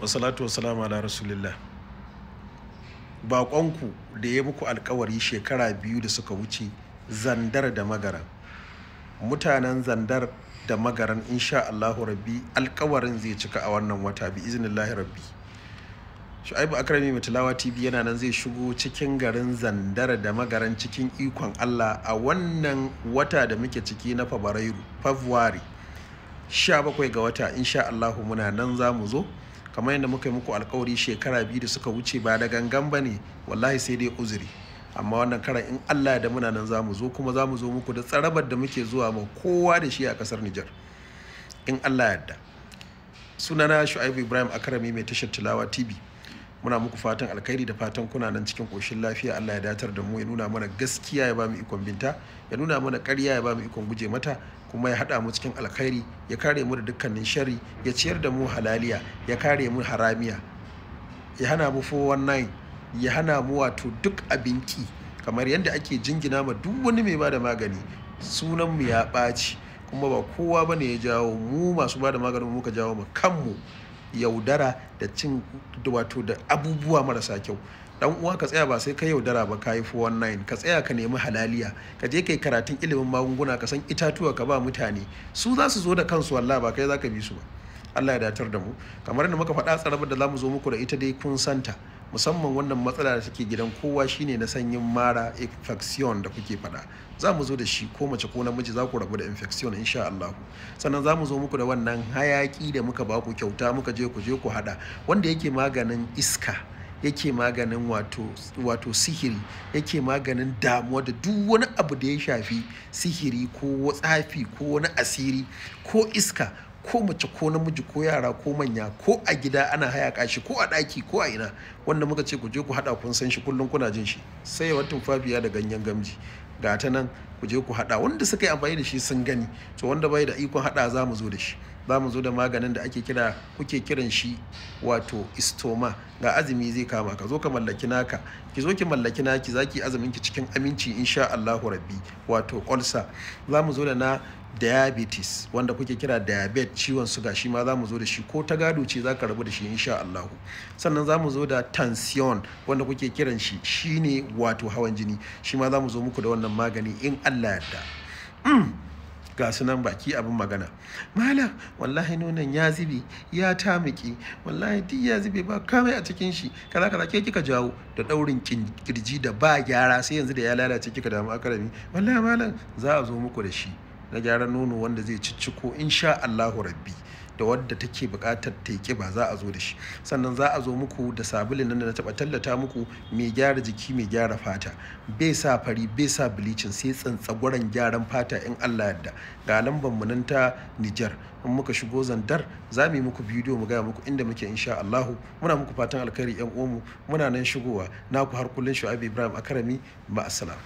wasalatu wasalamu ala rasulillah baƙonku da ya muku alkawari shekara biyu da suka wuce zandar da magaran mutanen zandar da magaran insha Allahu rabbi alkawarin zai cika a wannan wata bi iznillahi rabbi shu'aibu akrami mutulawa tv yana nan zai shigo cikin garin zandar da magaran cikin ikon allah a wannan wata da muke ciki na fabrairu february 17 ga wata insha Allahu muna nan za mu zo kamar yadda muka yi muku alkawari shekara biyu da suka wuce ba da gangan ba ne wallahi sai dai uzuri amma wannan karan in allah da muna nan zamu zo kuma zamu zo muku da tsarabar da muke zuwa ma kowa da shi a kasar nijar in allah yadda sunana shu'aibu ibrahim akarami mai tashar tilawa tv muna muku fatan alkhairi da fatan kuna nan cikin koshin lafiya Allah ya datar da mu ya nuna mana gaskiya ya ba mu ikon binta ya nuna mana karya ya ba mu ikon guje mata kuma ya haɗa mu cikin alkhairi ya kare mu da dukkanin shari ya ciyar da mu halaliya ya kare mu haramiya ya hana mu 419 ya hana mu wato duk abinki kamar yadda ake jingina ma duk wani mai bada magani sunan mu ya ɓaci kuma ba kowa bane ya jawo mu masu bada maganin muka jawo mu kanmu yaudara da cin wato da abubuwa marasa kyau dan uwa ka tsaya ba sai ka yaudara ba ka yi 419 ka tsaya ka nemi halaliya ka je kai karatun ilimin magunguna ka san itatuwa ka ba mutane su za su zo da kansu wallah ba kai za ka bi su ba Allah ya datar da mu kamar da muka faɗa tsarabar da za mu zo muku da ita dai kun santa musamman wannan matsala da take gidan kowa shine na sanyin mara infection da kuke faɗa za mu zo da shi ko mace ko namiji za ku rabu da infection insha Allah sannan za mu zo muku da wannan hayaki da muka ba ku kyauta muka je ku je ku hada wanda yake maganin iska yake maganin wato wato sihiri yake maganin damuwa da duk wani abu da ya shafi sihiri ko tsafi ko wani asiri ko iska ko mace ko namiji ko yara ko manya ko a gida ana hayaka shi ko a ɗaki ko a ina wanda muka ce ku je ku haɗa kun san shi kullum kuna jin shi sai wata fafiya da ganyen gamji ga ta nan ku je ku haɗa wanda suka yi amfani da shi sun gani to wanda bai da ikon haɗa za mu zo da shi za mu zo da maganin da ake kira kuke kiran shi wato istoma ga azumi zai kama ka zo ka mallaki naka ki zo ki mallaki naki zaki azumin ki cikin aminci insha Allahu rabbi wato ulcer za mu zo da na diabetes wanda kuke kira diabetes ciwon suga shi ma za mu zo da shi ko ta gado ce za ka rabu da shi insha Allahu sannan za mu zo da tension wanda kuke kiran shi shine wato hawan jini shi ma za mu zo muku da wannan wannan magani in Allah yarda mm. ga sunan baki abin magana malam wallahi nunan ya zube ya tamiki wallahi duk ya zube ba kamai a cikin shi kaza kaza ke kika jawo da daurin kirji da ba gyara sai yanzu da ya lalace kika damu akarami wallahi malam za a zo muku da shi na gyaran nono wanda zai cicciko insha Allahu rabbi da wadda take bukatar ta ba za a zo da shi sannan za a zo muku da sabulin nan da na taɓa tallata muku mai gyara jiki mai gyara fata bai sa fari bai sa bilicin sai tsantsagwaran gyaran fata in Allah yadda ga lamban mu nan ta Niger in muka shigo zandar za mu yi muku bidiyo mu gaya muku inda muke insha Allahu muna muku fatan alkhairi yan uwanmu muna nan shigowa naku har kullun Shu'aib Ibrahim Akarami ma